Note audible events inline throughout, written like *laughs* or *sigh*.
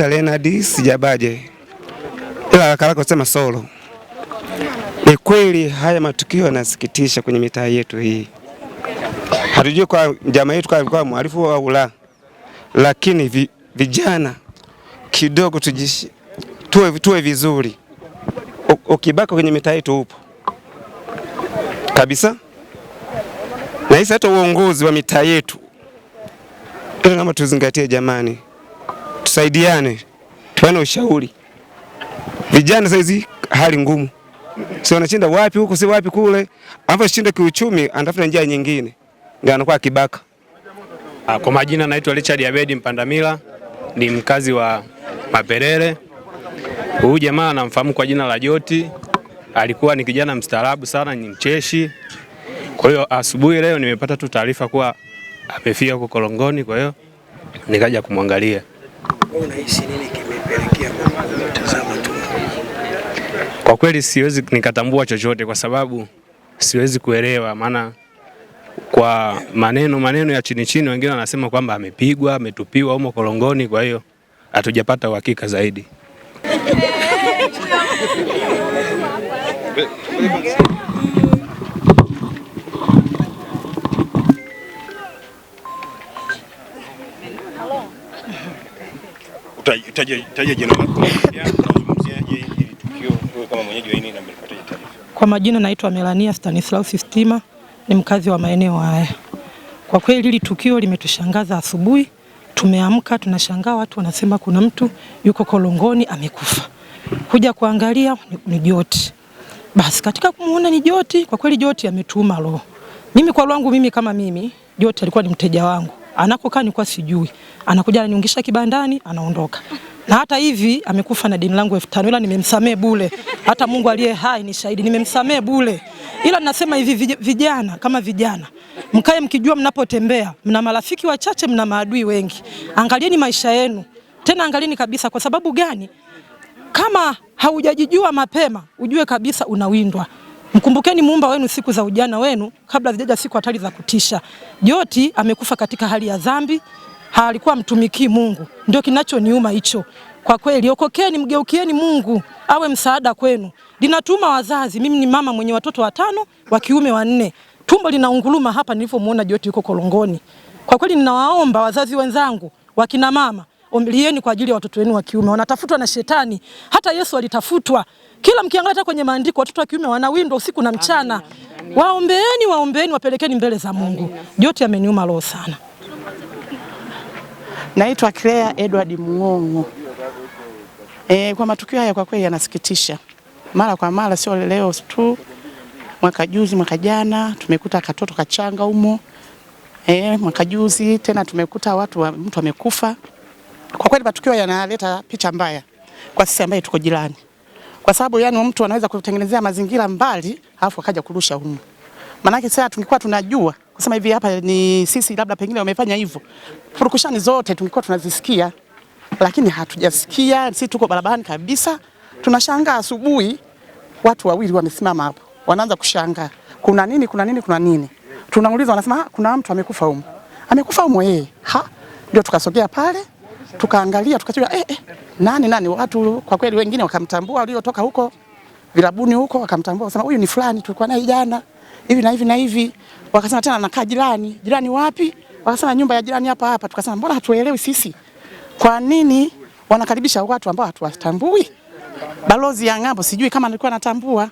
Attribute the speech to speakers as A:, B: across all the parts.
A: Dr. Leonard Sijabaje, ila haraka sema kusema Solo. Ni kweli haya matukio yanasikitisha kwenye mitaa yetu hii, hatujui kwa jamaa yetu alikuwa mwalifu au la, lakini vi, vijana kidogo tujishi, tuwe, tuwe vizuri. Ukibaka kwenye mitaa yetu upo kabisa, na hisi hata uongozi wa mitaa yetu, ila tuzingatie jamani tusaidiane, tuane ushauri. Vijana saizi hali ngumu, si wanashinda wapi huko, si wapi kule, afa shinda kiuchumi, anatafuta njia nyingine, ndio anakuwa kibaka.
B: Ah, kwa majina naitwa Richard Abedi Mpandamila, ni mkazi wa Maperere. Huyu jamaa anamfahamu kwa jina la Joti, alikuwa ni kijana mstaarabu sana, ni mcheshi. Kwa hiyo asubuhi leo nimepata tu taarifa kuwa amefia huko Korongoni, kwa hiyo nikaja kumwangalia
C: unahisi nini kimepelekea mtazama tu?
B: Kwa kweli siwezi nikatambua chochote, kwa sababu siwezi kuelewa, maana kwa maneno maneno ya chini chini, wengine wanasema kwamba amepigwa, ametupiwa humo kolongoni. Kwa hiyo hatujapata uhakika zaidi. *laughs*
D: utaje jina lako, Kwa majina naitwa Melania Stanislaus Stima, ni mkazi wa maeneo haya. Kwa kweli hili tukio limetushangaza asubuhi, tumeamka tunashangaa, watu wanasema kuna mtu yuko kolongoni amekufa, kuja kuangalia ni Joti. Basi katika kumuona ni Joti, kwa kweli Joti ametuma roho. Mimi kwa lwangu mimi kama mimi Joti alikuwa ni mteja wangu anakokaa nilikuwa sijui, anakuja ananiungisha kibandani anaondoka. Na hata hivi amekufa na deni langu elfu ila nimemsamee bule. Hata Mungu aliye hai ni shahidi, nimemsamee bule. Ila nasema hivi, vijana kama vijana, mkae mkijua mnapotembea, mna marafiki wachache, mna maadui wengi. Angalieni maisha yenu tena, angalieni kabisa. Kwa sababu gani? Kama haujajijua mapema, ujue kabisa unawindwa. Mkumbukeni muumba wenu siku za ujana wenu, kabla zijaja siku hatari za kutisha. Joti amekufa katika hali ya dhambi, alikuwa mtumikii Mungu, ndio kinachoniuma hicho kwa kweli. Okokeni, mgeukieni Mungu awe msaada kwenu. Linatuma wazazi, mimi ni mama mwenye watoto watano wa kiume wanne, tumbo linaunguruma hapa nilipomuona Joti yuko korongoni. Kwa kweli ninawaomba wazazi wenzangu, wakina mama, ombilieni kwa ajili ya watoto wenu wa kiume, wanatafutwa na shetani. Hata Yesu alitafutwa kila mkiangalia hata kwenye maandiko watoto wa kiume wanawindwa usiku na mchana. Waombeeni, waombeeni, wapelekeni mbele za Mungu. Yote ameniuma roho sana.
E: Naitwa Claire Edward Muongo. E, kwa matukio haya kwa kweli yanasikitisha. Mara kwa mara, sio leo tu, mwaka juzi, mwaka jana tumekuta katoto kachanga humo. E, mwaka juzi tena tumekuta watu wa, mtu amekufa. Kwa kweli matukio yanaleta picha mbaya kwa sisi ambaye tuko jirani kwa sababu yani mtu anaweza kutengenezea mazingira mbali alafu akaja kurusha humu. Maanake sasa tungekuwa tunajua kusema hivi hapa ni sisi, labda pengine wamefanya hivyo, Furukushani zote tungekuwa tunazisikia, lakini hatujasikia. Sisi tuko barabarani kabisa, tunashangaa. Asubuhi watu wawili wamesimama hapo, wanaanza kushangaa, kuna nini, kuna nini, kuna nini? Tunauliza, wanasema ah, kuna mtu amekufa humu, amekufa humu. yeye. ha, ndio tukasogea pale tukaangalia, tukachua eh, eh nani nani, watu kwa kweli wengine wakamtambua, waliotoka huko vilabuni huko wakamtambua, wakasema huyu ni fulani, tulikuwa naye jana hivi na hivi na hivi. Wakasema tena anakaa jirani. Jirani wapi? Wakasema nyumba ya jirani hapa hapa. Tukasema mbona hatuelewi sisi, kwa nini wanakaribisha watu ambao hatuwatambui? Balozi ya ng'ambo sijui kama alikuwa anatambua,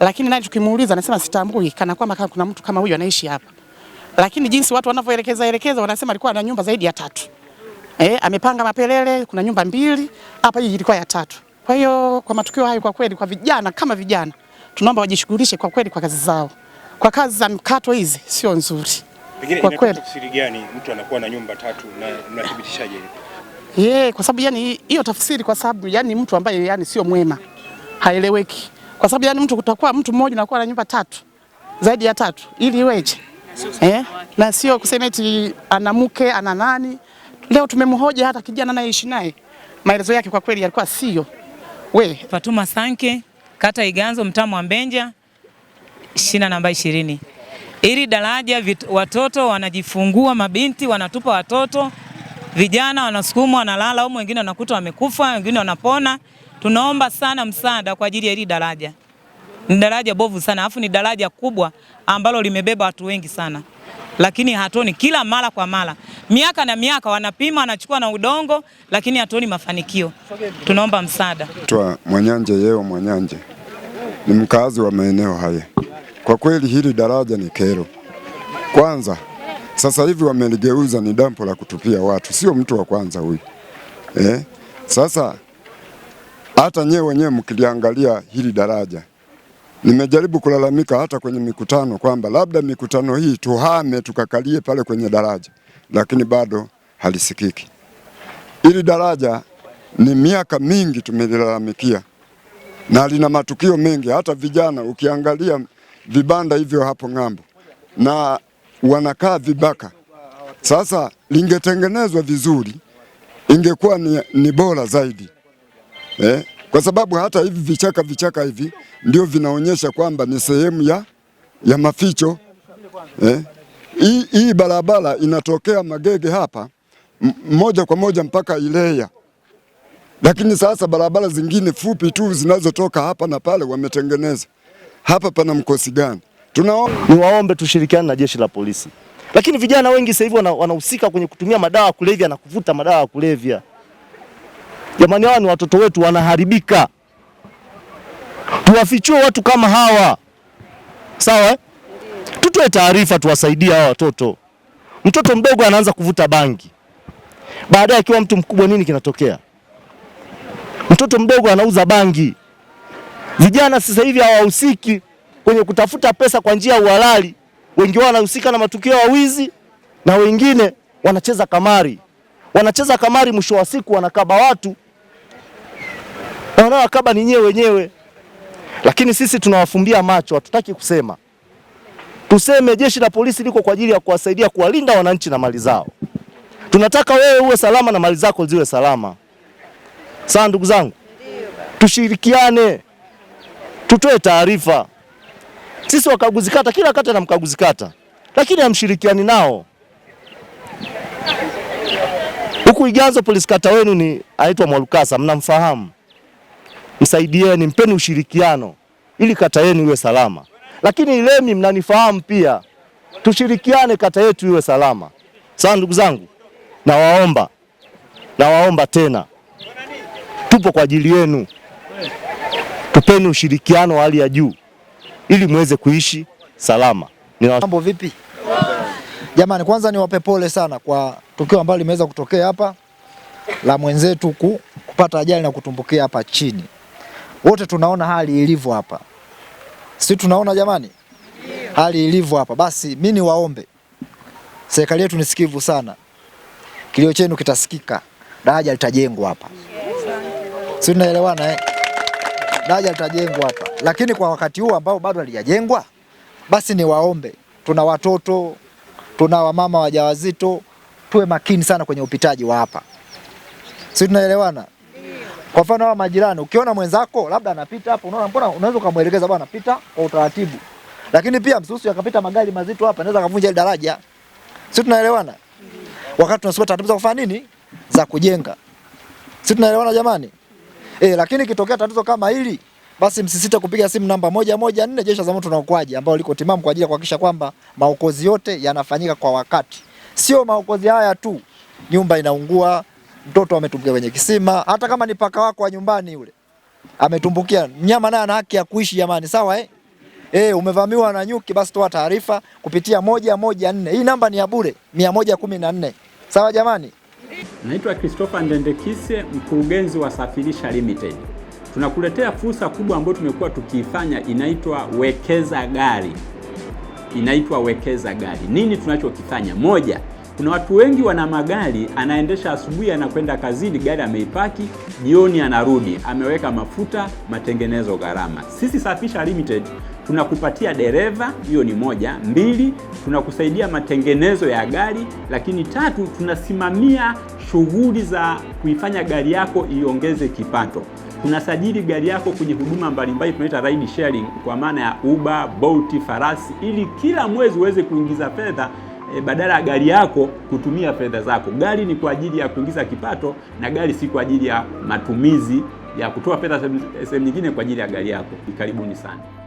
E: lakini naye tukimuuliza anasema sitambui, kana kwamba kuna mtu kama huyu anaishi hapa, lakini jinsi watu wanavyoelekeza elekeza, wanasema alikuwa na nyumba zaidi ya tatu eh, amepanga mapelele, kuna nyumba mbili hapa, hii ilikuwa ya tatu. Kwa hiyo kwa matukio hayo kwa kweli, kwa vijana kama vijana tunaomba wajishughulishe kwa kweli kwa kazi zao, kwa kazi za mkato hizi sio nzuri
F: Pengine kwa kweli. Tafsiri gani mtu anakuwa na nyumba tatu na mnathibitishaje hiyo?
E: Yeah, kwa sababu yani hiyo tafsiri, kwa sababu yani mtu ambaye yani sio mwema haeleweki, kwa sababu yani mtu kutakuwa mtu mmoja anakuwa na nyumba tatu zaidi ya tatu ili iweje? Eh, na sio kusema eti ana mke ana nani Leo tumemhoja hata kijana anayeishi naye, maelezo yake kwa kweli yalikuwa siyo.
G: We Fatuma Sanke, kata Iganzo, wa mbenja shina namba ishirini. Ili daraja watoto wanajifungua, mabinti wanatupa watoto, vijana wanasukumwa, wanalala humo, wengine wanakuta wamekufa, wengine wanapona. Tunaomba sana msaada kwa ajili ya hili daraja. Ni daraja bovu sana, alafu ni daraja kubwa ambalo limebeba watu wengi sana lakini hatoni Kila mara kwa mara, miaka na miaka, wanapima wanachukua na udongo, lakini hatuoni mafanikio. Tunaomba msaada.
H: Twa Mwanyanje Yeo Mwanyanje ni mkazi wa maeneo haya. Kwa kweli hili daraja ni kero. Kwanza sasa hivi wameligeuza ni dampo la kutupia watu, sio mtu wa kwanza huyu eh? Sasa hata nyewe wenyewe mkiliangalia hili daraja Nimejaribu kulalamika hata kwenye mikutano kwamba labda mikutano hii tuhame tukakalie pale kwenye daraja, lakini bado halisikiki. Ili daraja ni miaka mingi tumelilalamikia na lina matukio mengi. Hata vijana ukiangalia vibanda hivyo hapo ng'ambo, na wanakaa vibaka. Sasa lingetengenezwa vizuri, ingekuwa ni, ni bora zaidi eh? kwa sababu hata hivi vichaka vichaka hivi ndio vinaonyesha kwamba ni sehemu ya, ya maficho eh. Hii, hii barabara inatokea Magege hapa moja kwa moja mpaka Ileya, lakini sasa barabara zingine fupi tu zinazotoka hapa na pale wametengeneza. Hapa pana mkosi gani?
I: Tunaomba niwaombe tushirikiane na jeshi la polisi, lakini vijana wengi sasa hivi wanahusika kwenye kutumia madawa ya kulevya na kuvuta madawa ya kulevya. Jamani, hawa ni watoto wetu, wanaharibika. Tuwafichue watu kama hawa, sawa eh? Tutoe taarifa, tuwasaidie hawa watoto. Mtoto mdogo anaanza kuvuta bangi, baadaye akiwa mtu mkubwa, nini kinatokea? Mtoto mdogo anauza bangi. Vijana sasa hivi hawahusiki kwenye kutafuta pesa kwa njia ya uhalali. Wengi wao wanahusika na matukio ya wizi na wengine wanacheza kamari wanacheza kamari, mwisho wa siku wanakaba watu, wanaowakaba ni nyewe wenyewe. Lakini sisi tunawafumbia macho, hatutaki kusema. Tuseme jeshi la polisi liko kwa ajili ya kuwasaidia kuwalinda wananchi na mali zao. Tunataka wewe uwe salama na mali zako ziwe salama. Sawa, ndugu zangu, tushirikiane, tutoe taarifa. Sisi wakaguzi kata, kila kata na mkaguzi kata, lakini hamshirikiani nao huku Iganzo, polisi kata wenu ni anaitwa Mwalukasa, mnamfahamu, msaidieni, mpeni ushirikiano ili kata yenu iwe salama. Lakini Ilemi mnanifahamu pia, tushirikiane kata yetu iwe salama. Sawa ndugu zangu, nawaomba nawaomba tena, tupo kwa ajili yenu, tupeni ushirikiano wa hali ya juu ili muweze kuishi salama.
J: mambo vipi jamani? Kwanza niwape pole sana kwa tukio ambalo limeweza kutokea hapa la mwenzetu kupata ajali na kutumbukia hapa chini. Wote tunaona hali ilivyo hapa, si tunaona jamani, hali ilivyo hapa. Basi mimi niwaombe, serikali yetu nisikivu sana, kilio chenu kitasikika, daraja litajengwa hapa, si tunaelewana eh? Daraja litajengwa hapa, lakini kwa wakati huu ambao bado halijajengwa, basi niwaombe, tuna watoto, tuna wamama wajawazito tuwe makini sana kwenye upitaji wa hapa, si tunaelewana? Kwa mfano hawa majirani, ukiona mwenzako labda anapita hapo, unaona mbona, unaweza ukamwelekeza bwana, pita kwa utaratibu, lakini pia msusi akapita magari mazito hapa, anaweza kavunja ile daraja, si tunaelewana? Wakati tunasubiri taratibu za kufanya nini, za kujenga, si tunaelewana jamani? E, lakini kitokea tatizo kama hili basi msisite kupiga simu namba moja moja nne Jeshi la Zimamoto na Uokoaji ambao liko timamu kwa ajili ya kuhakikisha kwamba maokozi yote yanafanyika kwa wakati. Sio maokozi haya tu, nyumba inaungua, mtoto ametumbukia kwenye kisima, hata kama ni paka wako wa nyumbani yule ametumbukia, mnyama naye ana haki ya kuishi jamani, sawa eh? Eh, umevamiwa na nyuki, basi toa taarifa kupitia moja moja nne. Hii namba ni ya bure, mia moja kumi na nne. Sawa jamani.
K: Naitwa Christopher Ndendekise, mkurugenzi wa Safirisha Limited. Tunakuletea fursa kubwa ambayo tumekuwa tukiifanya, inaitwa wekeza gari inaitwa wekeza gari. Nini tunachokifanya? Moja, kuna watu wengi wana magari, anaendesha asubuhi, anakwenda kazini, gari ameipaki, jioni anarudi, ameweka mafuta, matengenezo, gharama. Sisi Safisha Limited tunakupatia dereva, hiyo ni moja. Mbili, tunakusaidia matengenezo ya gari, lakini tatu, tunasimamia shughuli za kuifanya gari yako iongeze kipato unasajili gari yako kwenye huduma mbalimbali tunaita ride sharing, kwa maana ya Uber, Bolt, Farasi, ili kila mwezi uweze kuingiza fedha e, badala ya gari yako kutumia fedha zako. Gari ni kwa ajili ya kuingiza kipato, na gari si kwa ajili ya matumizi ya kutoa fedha sehemu nyingine kwa ajili ya gari yako. Karibuni sana.